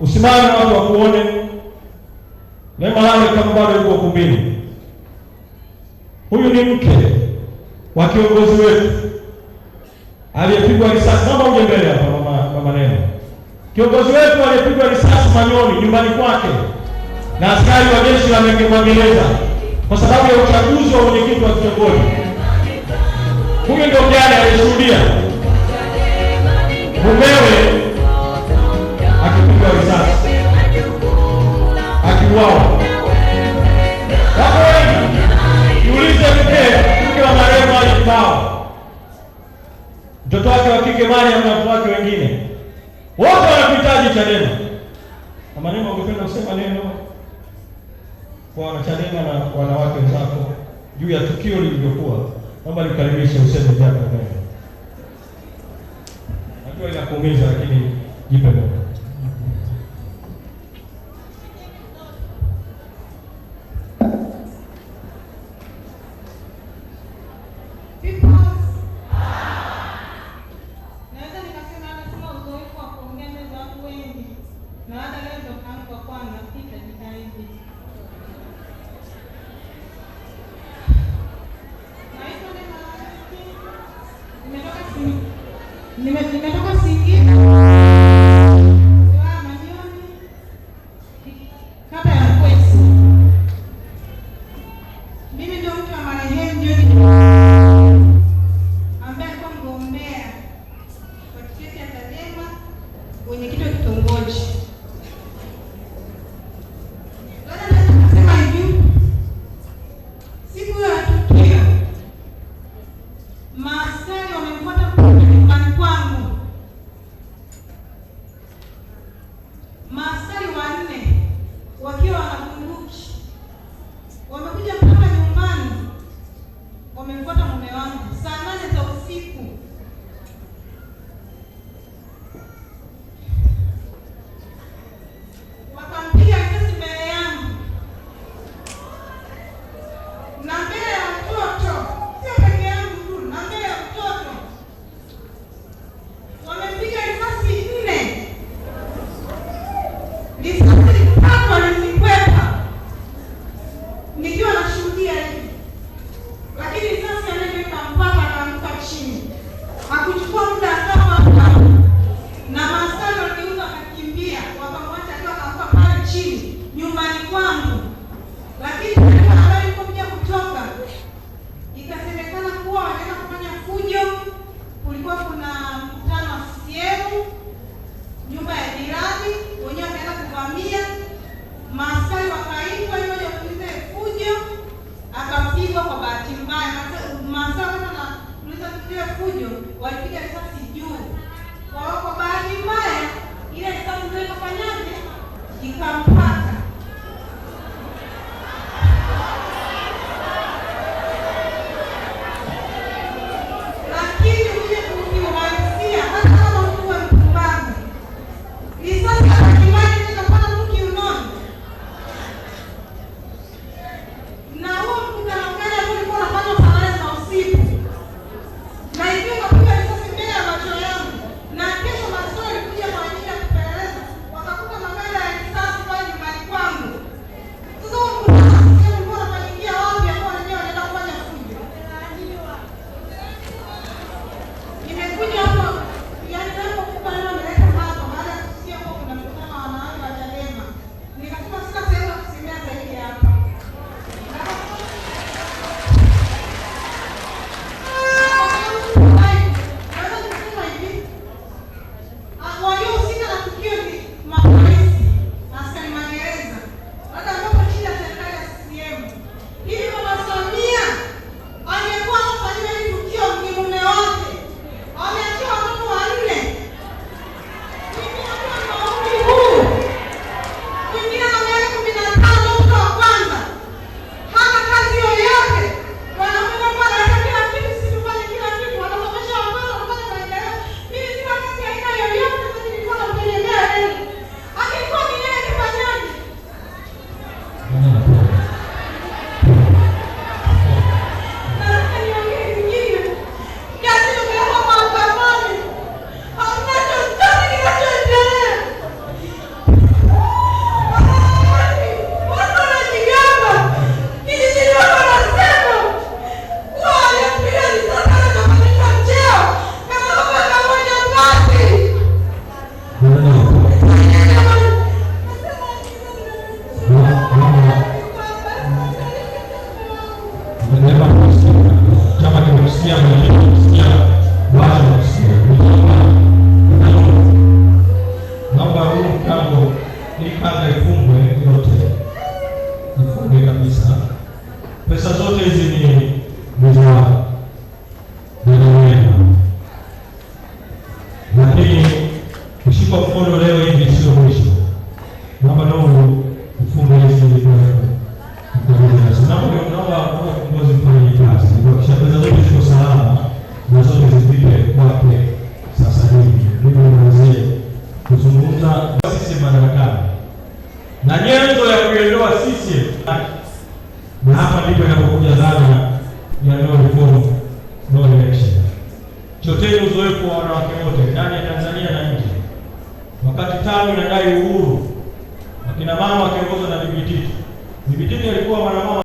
Usimame watu wakuone. Neema Lameck kama bado yuko kumbini. Huyu ni mke wa kiongozi wetu aliyepigwa risasi. Naomba uje mbele hapa mama, mama Neema. Kiongozi wetu aliyepigwa risasi Manyoni nyumbani kwake na askari wa jeshi la Mwingereza kwa sababu ya uchaguzi wa mwenyekiti wa kitongoji. Huyu ndio mjane aliyeshuhudia mumewe kuuawa. Wako wengi, jiulize, mke mke wa marehemu Ali mtoto wake wa kike Mariam na watoto wake wengine wote wanakuhitaji Chadema. Na maneno ungependa kusema neno kwa wanachadema na wanawake wenzako juu ya tukio lilivyokuwa, naomba nikukaribishe useme vyako. Najua inakuumiza, lakini jipe moyo. ni me, ni me toca así. Master nikiwa nashuhudia hivi, lakini sasa anavyoweka mpaka akaanguka chini, hakuchukua muda akawa na maskari waliuza akakimbia, wakamwacha akiwa akaanguka pale chini. fujo walipiga risasi juu kwa, kwa bahati mbaya ile risasi ndio ikafanyaje ikampa kusikia maneno, kusikia wazo, kusikia naomba huu mtambo ili kwanza ifungwe yote, ifungwe kabisa. Pesa zote hizi ni sisi madarakani na nyenzo ya kuiondoa sisi, na hapa ndipo inapokuja dhana ya no reform no election. Choteni uzoefu wa wanawake wote ndani ya Tanzania na nje. Wakati TANU inadai uhuru, wakina mama wakiongozwa na Bibi Titi. Bibi Titi alikuwa mwanamama